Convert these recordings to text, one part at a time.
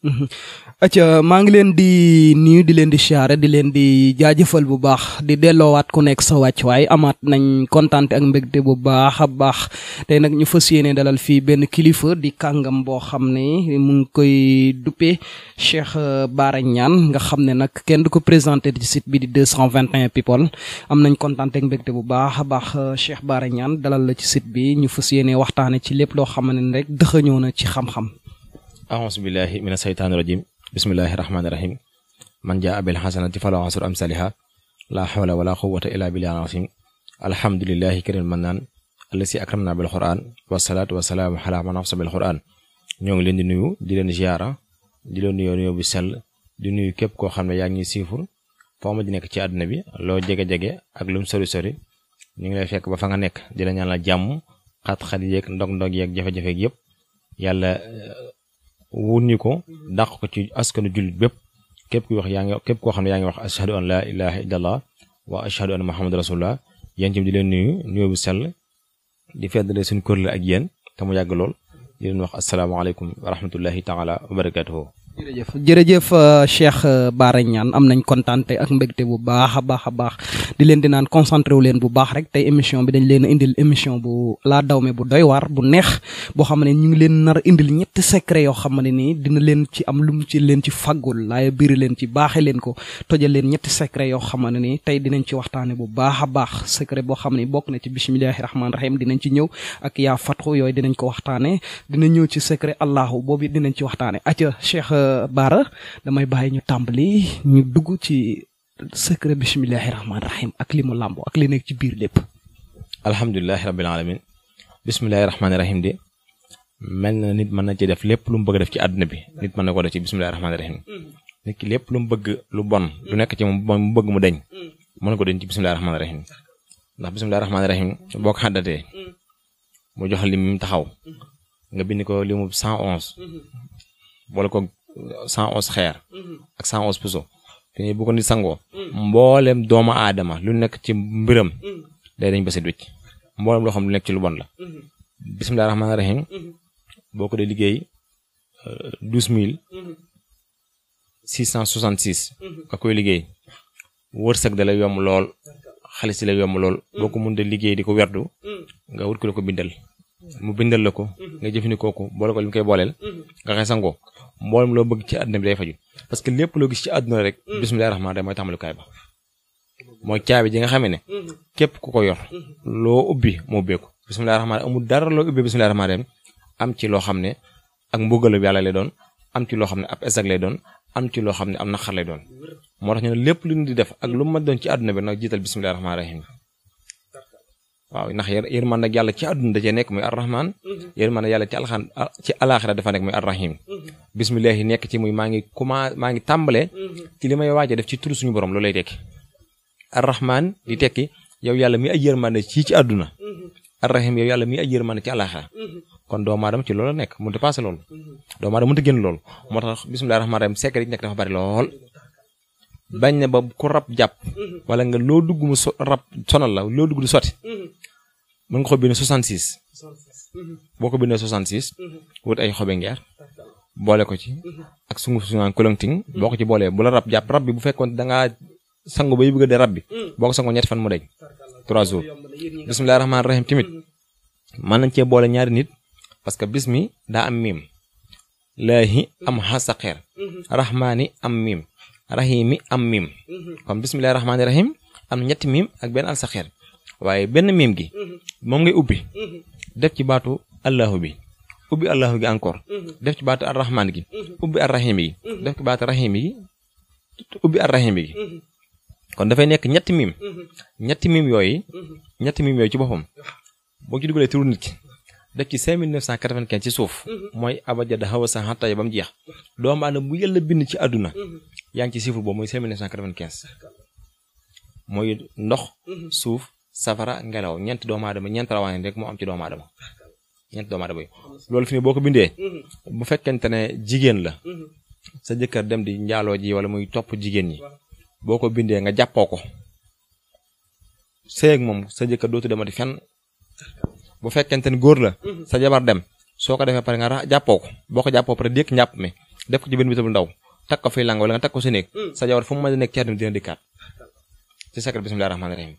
Mhm. acca maa ngi leen di nuyu di leen di siyaare di leen di jaajëfal bu baax di delloowaat ku nekk sa waaye amaat nañ kontante ak mbégte bu baax a baax tey nag ñu fas yéene dalal fii benn kilifa di kàngam boo xam ne mu ngi koy duppee Cheikh euh, Bara Niane nga xam ne nag kenn du ko présenté ci site bi di 221 people am nañ kontante ak mbégte bu baax a baax euh, Cheikh Bara Niane dalal la ci site bi ñu fas yéene waxtaane ci lépp loo xam ne rek dëxëñoo na ci xam-xam auzu billahi mina saytaani rajim bismillahi rahmaani rahim man jaa abil hasanati fala asru amsaliha la hawla wala quwwata illa billahi al-azim alhamdulillahi karim mannan allasi akramna bil quran wasalaatu wasalaamu ala man afsa bil quran ñoo ngi leen di nuyu di leen ziyaara di leen nuyoo nuyoo bu sell di nuyu képp koo xam ne yaa ngi ñuy siifur foo ma di nekk ci àdduna bi loo jege-jege ak lum sori sori ñu ngi lay fekk ba fa nga nekk di la ñaanal jàmm xat-xat yeeg ndog-ndog yeeg jafe-jafe yëpp yàlla wunni ko dàq ko ci askanu jullit bépp képp kuy wax yaa ngi képp koo xam ne yaa ngi wax ashhadu an laa ilaha illallah wa ashhadu an muhammad rasulullah yéen tamit di leen nuyu nuyoo bu sell di feddale suñu kër la ak yéen te mu yàgg lool di leen wax asalaamaaleykum wa rahmatullahi taala wa barakatuhu jërëjëf jërëjëf euh, Cheikh euh, Bara Niane am nañ kontaan ak mbégte bu baax a baax a baax di leen di naan concentré wu leen bu baax rek tey émission bi dañ leen a indil émission bu laa daw me bu doy waar bu neex boo xam ne ñu ngi leen nar indil ñetti secret yoo xam ne nii dina leen ci am lu mu ci leen ci faggul laaya biir leen ci baaxee leen ko tojal leen ñetti secret yoo xam ne nii tey dinañ ci waxtaane bu baax a baax secret boo xam ne bokk na ci bisimilahi rahmaani rahim dinañ ci ñëw ak yaa yooyu dinañ ko waxtaane dina ñëw baara damay bàyyi ñu tàmbali ñu dugg ci secret bismillahi rahmaani rahim ak li mu làmboo ak li nekk ci biir lépp. alhamdulilahi rabbil alamin bismillahi rahmaani rahim de mel na nit mën na ci def lépp lu mu bëgg def ci àdduna bi nit mën ci bismillahi rahmaani rahim mm. ki lépp lu mu bëgg lu bon lu nekk ci moom mu bëgg mu deñ mm. mën na ko deñ ci bismillahi rahmaani rahim ndax bismillahi rahmaani rahim boo ko xàddatee mm. mu jox lim mu taxaw nga bind ko limu 111 mm-hmm. boole ko cent onze xeer mhm. ak cent onze puso te bu ko nit sangoo mhm. mboolem doomu aadama lu nekk ci mbiram mhm. day dañ ba set wicc mboolem loo xam lu nekk ci lu bon la bisimilah rahmaani rahim boo ko dee liggéey euh, douze mille six cent soixante six koy liggéey wërsëg da la yomb lool xaalis si la yomb lool boo ko mën de liggéey di ko werdu nga wut ko la ko bindal mu bindal la ko nga jëfandikoo ko boole ko li mu koy booleel nga xëy sangoo mboolem loo bëgg ci àdduna bi day faju parce que lépp loo gis ci àdduna rek mm. bismillahi rahmaan rahim mooy tàmbalikaay ba mooy caabi ji nga xame ne mm-hmm. képp ku ko yor mm-hmm. loo ubbi moo ubbeeku bismillahi rahmaan amul dara loo ubbee bismillahi rahmaan rahim am ci loo xam ne ak mbugalu yàlla lay doon am ci loo xam ne ab esag lay doon am ci loo xam ne am naqar lay doon moo tax ñu ne lépp lu ñu di def ak lu mat doon ci àdduna bi nag jiital bismillahi rahmaan rahim waaw ndax na yàlla ci àdduna da cee nekk muy arrahman mhm. na yàlla ci alxan ci alaxira dafa nekk muy arrahim mhm. bismillahi nekk ci muy maa ngi commencé maa ngi tàmbale mhm. ci li may waaje def ci turu suñu borom loolu lay tekki arrahman di tekki yow yàlla mi ay yërmande ci ci àdduna arrahim yow yàlla mi ay yërmande ci alaxira kon doomu aadama ci loolu la nekk mun a passé loolu doomu aadama mënut a génn loolu moo tax bismillahi rahmaani rahim sekk yi nekk dafa bari lool bañ ne ba ku rab jàpp. Mhm. wala nga loo dugg mu so rab sonal la loo dugg di sotti. Mhm. mën nga ko bind 66. 66. boo ko bindee 66. Mhm. wut ay xobe ngeer. boole ko ci. ak sunguf su naan kolonting. boo ko ci boolee bu la rab jàpp rab bi bu fekkoon da ngaa sangu bay bëgg de rab bi. boo ko sangoo ñetti fan mu deñ 3 jours bisimilah rahmaani rahim tamit. mën nañ cee boole ñaari nit. parce que bis daa am miim. laahi am xasa xeer. rahmaani am miim. raxiim mi am miim mhm. kon bisimilahi rahmaani rahim am ñetti miim ak benn alsaxeer waaye benn miim gi mhm. moom ngay ubbi mhm. def ci baatu allahu bi ubbi allahu gi encore def ci baatu arrahmaan gi ubbi arrahim gi def ci baatu rahim gi ubbi arrahim gi kon dafay nekk ñetti miim ñetti miim yooyu ñetti miim yooyu ci boppam boo ci dugalee turu nit ki def ci 5995 ci suuf mooy abajada xaw a sa xattaay ba mu jeex doomu aadama bu yàlla bind ci àdduna yaa ngi ci chiffre boobu mooy 5995 mooy ndox mhm. suuf safara ngelaw ñeent doomu aadama ñeent rawaane rek moo am ci doomu aadama ñeent doomu aadama loolu fi ne boo ko bindee mhm. bu fekkente ne jigéen la mhm. sa jëkkër dem di njaaloo ji wala muy topp jigéen ñi boo ko bindee nga jàppoo ko sëy moom sa jëkkër dootu di fenn bu fekkente ne góor la sa jabar dem soo ko defee pare nga jàppoo ko boo ko jàppoo pare dékk njàpp mi def ko ci benn bi bu ndaw takk ko fi lang wala mm. nga takk ko si néeg sa jabar fu mu mën a nekk ci àdduna dina dikkaat ah, ci sakkat bismillahi rahmaani rahim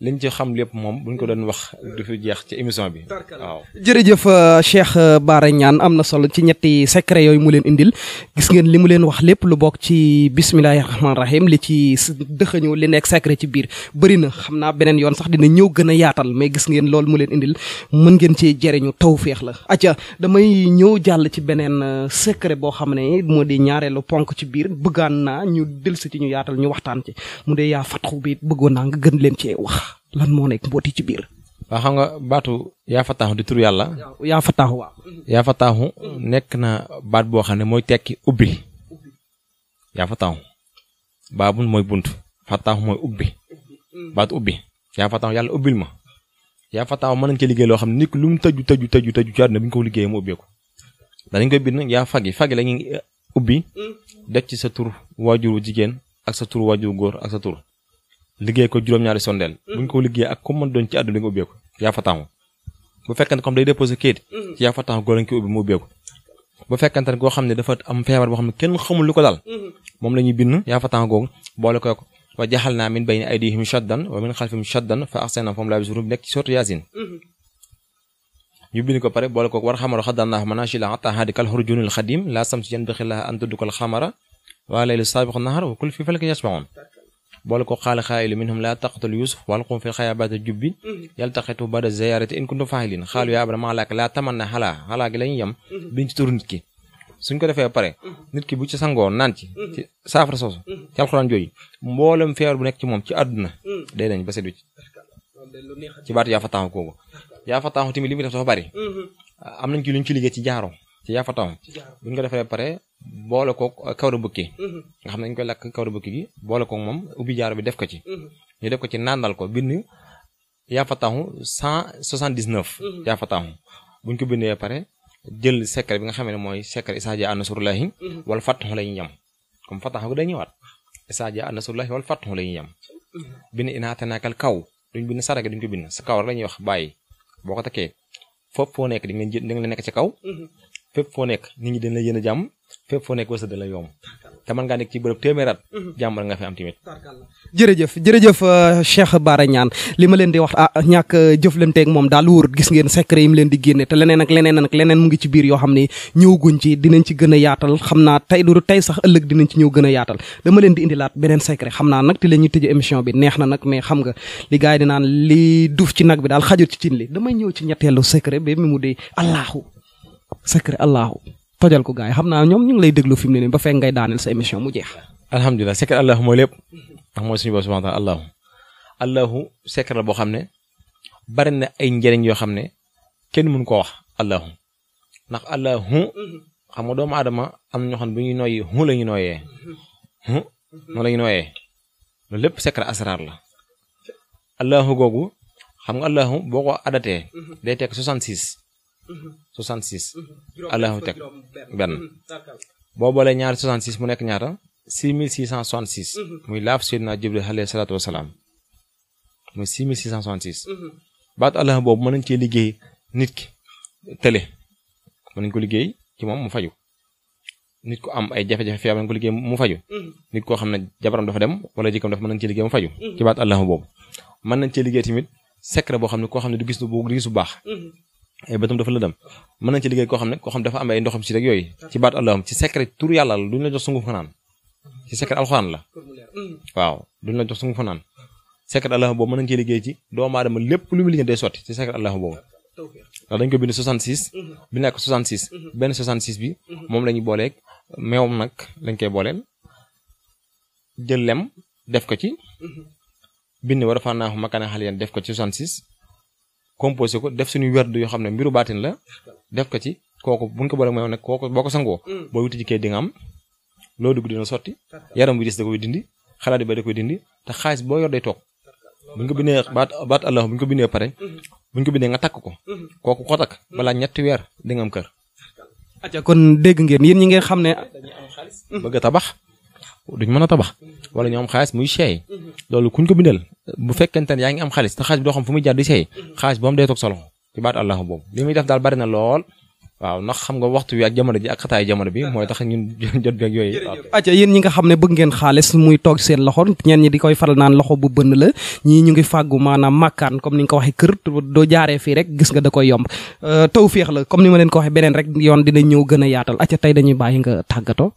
liñ ci xam lépp moom buñ ko doon wax du fi jeex ci émission bi waaw. jërëjëf euh, Cheikh euh, Bara Niane am na solo ci ñetti secret yooyu mu leen indil gis ngeen li mu leen wax lépp lu bokk ci bismillahi rahmaani rahim li ci dëxëñu li nekk secret ci biir bëri na xam naa beneen yoon sax dina ñëw gën a yaatal mais gis ngeen loolu mu leen indil mën ngeen ci jëriñu tawféex la. acca damay ñëw jàll ci beneen euh, secret boo xam ne moo di ñaareelu ponk ci biir bëggaan naa ñu dellusi ci ñu yaatal ñu waxtaan ci mu dee yaa fatxu bi bëggoon naa gën leen cee wax. lan moo nekk mbooti ci biir. waaw xam nga baatu yaa fataaxu di tur yàlla. yaa fataaxu waaw. yaa fataaxu nekk na baat boo xam ne mooy tekki ubbil yaa fataaxu baabun mooy bunt fataaxu mooy ubbi baatu ubbi yaa fataaxu yàlla ubbil ma yaa fataaxu mën nañ ci liggéey loo xam ne nit lu mu tëju tëju tëju tëju ci àdduna bi ñu ko liggéeyee mu ubbeeku danañ koy bind nag yaa fagi fagi la ñuy eh, ubbi mm. def ci sa tur waajuru jigéen ak sa tur waajuru góor ak sa tur liggéey ko juróom-ñaari sondeel mm. bu ñu ko liggéey ak ku mën doon ci àdduna mm. ci yaa fa taxu góor lañ koy ubbi mu bu fekkante ne koo xam ne dafa am feebar boo xam ne kenn xamul lu ko daal mm-hmm. moom la ñuy bind yaa fa taxu googu boole ko wa jaxal naa min bayni aydihim shaddan wa min xalfihim shaddan fa axseenam fam laa bisurun bi nekk ci sotu mm-hmm. ko boole ko war xamaro xaddan naa manaashi la hatta haadi kal xurjunil xadim laa sam yan bixi laa an tudd kal xamara waa laylu saabiqu nahar wa kul fi falaki yasmaun bool ko xaali xaayilu minhum laa taqtul yusuf walqum fil xayabata jubbi mhm. yaltaxitu bada ziyarati in kuntum faaxilin xaalu yaa abada maa laak laa taman na xalaa xalaa gi la ñuy yem biñ mhm. ci turu ki suñ ko defee pare mhm. nit ki bu ci sangoo naan ci ci saafara soosu ci alxuraan jooju mboolem feebar bu nekk ci moom ci àdduna day dañ ba set wicc ci baatu yaa fa taxaw kooku yaa fa taxaw tamit li muy def dafa bari am nañ ci lu ci liggéey ci jaaro ci yaa fa taxaw pare boole koog kawra bukki mhm. nga xam ne dañ koy lakk kawra bukki gi boole koog moom ubbi jaaro bi def ko ci mhm. ñu def ko ci nàndal ko bind yaa fatahu cent soixante-dix-neuf mhm. yaa fatahu buñ ko bindee pare jël secret bi nga xam ne mooy secret isaa jaa nasrullahi wal fatahu lañu ñam comme fatahu day ñëwaat isaa jaa nasrullahi wal fatahu lañu ñam bind inaate naakal kaw duñ bind sarage duñ ko bind sa kaw rek lañuy wax bàyyi boo ko takkee foofu foo nekk di nga di nga nekk ci kaw fépp foo nekk nit ñi dañ la yéen a jàmm fépp foo nekk wërsëg da la yomb te mën ngaa nekk ci bërëb téeméeraat mhm. jërëjëf jërëjëf euh, Cheikh Bara li ma leen di wax ah ñàkk euh, jëflanteeg moom daal wóorut gis ngeen secret yi mu leen di génne te leneen ak leneen ak leneen mu ngi ci biir yoo xam ne ñëwaguñ ci dinañ ci gën a yaatal xam naa tey du tey sax ëllëg dinañ ci ñëw gën a yaatal dama leen di indilaat beneen secret xam naa nag ti la ñuy tëj émission bi neex na nag xam nga li gars yi nag bi daal xajut ci cin li damay ñëw ci ñetteelu sacré allahu tojal ko gars yi xam naa ñoom ñu lay déglu fi mu ne nii ba fekk ngay daaneel sa émission mu jeex. alhamdulilah sacré allahu mooy lépp ndax mooy suñu bopp subhanahu wa taala allahu allahu boo xam ne bari na ay njëriñ yoo xam ne kenn mënu koo wax allahu ndax allahu xam nga doomu aadama am na ñoo xam ne bu ñuy nooyi la ñu nooyee hu noonu nooyee loolu lépp secret asraar la allahu googu xam nga allahu boo ko adatee day tekk 66 66. Mhm. allahu teg benn mhm. boo boolee ñaari 66 mu nekk ñaata 6666. Mhm. muy laaf sayyidina Jibril alayhi salaatu wa salaam muy 6666. baat allah boobu mën nañ cee liggéey nit ki tële mën nañ ko liggéey ci moom mu faju nit ko am ay jafe-jafe feebar nañ ko liggéey mu faju nit koo xam ne jabaram dafa dem wala jëkkam dafa mën nañ cee liggéey mu faju ci baat allah boobu mën nañ cee liggéey tamit secret boo xam ne koo xam ne du gis du gis bu baax ay bëtam dafa lëndëm mën nañ ci liggéey koo xam ne koo xam dafa am ay ndoxam ci rek yooyu ci baat allahum ci secret tur yàlla la duñ la jox sunguf fanaan ci secret alxuraan la hmm. waaw duñ la jox sunguf fanaan secret allahum boobu mën nañ ci liggéey ci doomu aadama lépp lu mu liggéey day sotti ci secret allahum boobu ndax dañ ko bind 66 hmm. bi nekk 66 hmm. benn 66 bi moom la ñuy booleeg meewam nag lañ koy booleel jël lem def ko ci bind war a fànnaaxu makkaane xal def ko ci 66 composé ko def suñu werd yoo xam ne mbiru baatin la def ko ci kooku buñ ko boole mooy nag kooku boo ko sangoo mm. boo wuti jikkee di nga am loo dugg dina sotti yaram bi dis da koy dindi xalaat ba da koy dindi te xaalis boo yor day toog buñ ko bindee baat baat allah buñ ko bindee pare mm-hmm. buñ ko bindee nga takk ko mm-hmm. kooku ko takk mm-hmm. balaa ñetti weer di nga am kër acca kon dégg ngeen yéen ñi ngeen xam ne dañuy bëgg a tabax duñ mën a tabax wala ñoom xaalis muy seey loolu kuñ ko bindal bu fekkente ne yaa ngi am xaalis te xaalis bi doo xam fu muy jaar di seey xaalis boobu day toog sa loxo ci bari na lool waaw xam nga waxtu bi ak jamono ji ak xataay jamono bi mooy tax ñun jot beeg yooyu. acca yéen ñi nga xam ngeen xaalis muy toog seen loxo ñenn ñi di koy faral naan loxo bu bënn la ñii ñu ngi fàggu maanaam màkkaan comme ni nga ko waxee kër doo jaaree fii rek gis nga da koy yomb euh, tawféex la comme ni ma leen ko waxee beneen rek yoon dina ñëw gën a yaatal acca tey dañuy bàyyi nga tàggatoo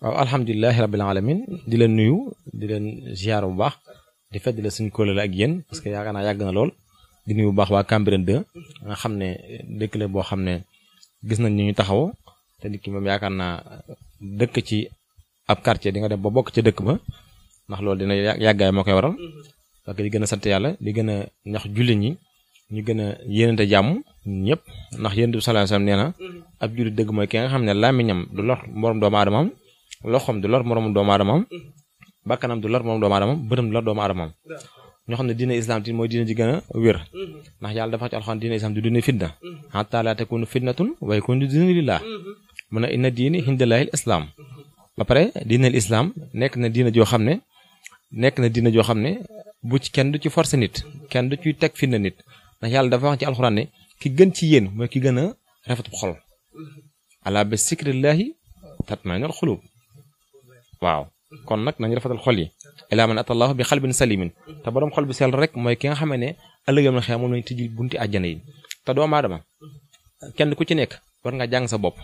waaw alhamdulilahi rabbil alamin di leen nuyu di leen ziar bu baax di fedd la suñu kóolale ak yéen parce que yaakaar naa yàgg na lool di nuyu bu baax waa Cambérène 2 nga xam ne dëkk boo xam ne gis nañ ni ñu taxawoo te nit moom yaakaar naa dëkk ci ab quartier di nga dem ba bokk ca dëkk ba ndax loolu dina yàggaay moo koy waral parce di gën a sant yàlla di gën a ñax jullit ñi ñu gën a yéenante jàmm ñëpp ndax yéen bi sallallahu sa wasallam nee na ab jullit dëgg mooy ki nga xam ne làmmiñam du lor mborom doomu aadamaam loxoom du lor moromu doomu aadamaam mhm. bakkanam du lor moromu doomu aadamaam bërëm du lor doomu aadamaam ñoo xam ne diine islam ti mooy diine ji gën wér mhm. ndax yàlla dafa wax ci alxuraan diine islam du diine fitna mhm. hatta la takunu fitnatun wa yakunu diinu lillah ne ba pare diineel islam nekk na diina joo xam ne nekk na diina joo xam ne bu ci kenn du ci force nit kenn du ci teg fitna nit yàlla dafa ci alxuraan ki gën ci yéen mooy ki gën a rafet xol ala bi sikrillahi tatmainul xulub waaw kon nag nañu rafetal xol yi ilaa man atallahu bi xalbin salimin te borom xol bu sell rek mooy ki nga xam ne ëllëgam na xëy moom lañ tijji bunti àjjana yi te doomaadama kenn ku ci nekk war nga jàng sa bopp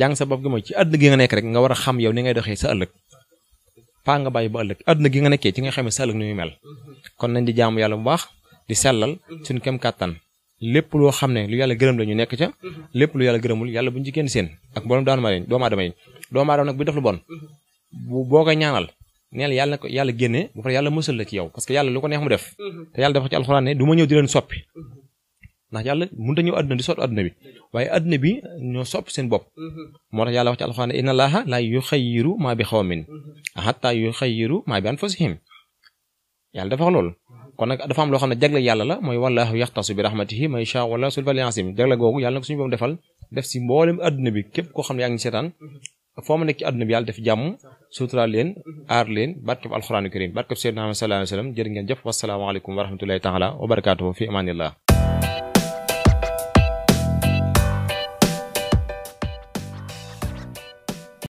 jàng sa bopp gi mooy ci àdduna gi nga rek nga war a xam yow ni ngay doxee sa ëllëg paa nga bàyyi ba ëllëg àdduna gi nga nekkee ci nga xamee sa ëllëg ni muy mel kon nañ di jaamu yàlla bu baax di sellal suñ kem kàttan lépp loo xam ne lu yàlla gërëm la ñu nekk ca lépp lu yàlla gërëmul yàlla buñu ci génn seen ak borom daanu ma leen doomu aadama yi doomu aadama nag boo koy ñaanal neel yàlla génne ba pare yàlla mësal la ci yow parce que yàlla lu ko neex mu def mhm. te yàlla dafa ci alxuraan du ma ñëw di leen soppi mhm. ndax yàlla mënut a ñëw àdduna di sot àdduna bi waaye àdduna bi ñoo soppi seen bopp mhm. moo tax yàlla wax ci alxuraan ne inna allaha la yuxayyiru maa bi xawmin hatta yuxayyiru maa bi anfusihim yàlla dafa loolu kon dafa am loo xam ne jagle yàlla la mooy wallahu yaxtasu bi bi képp koo xam ne foo ma nekk ci àdduna bi yàlla def jàmm suturaal leen aar leen barkeb alxuraanu karim barkeb seydina Muhammad sallallahu alayhi wa sallam jërë ngeen jëf wasalaamaaleykum wa rahmatullahi taala wa barakaatuhu fi amaanillah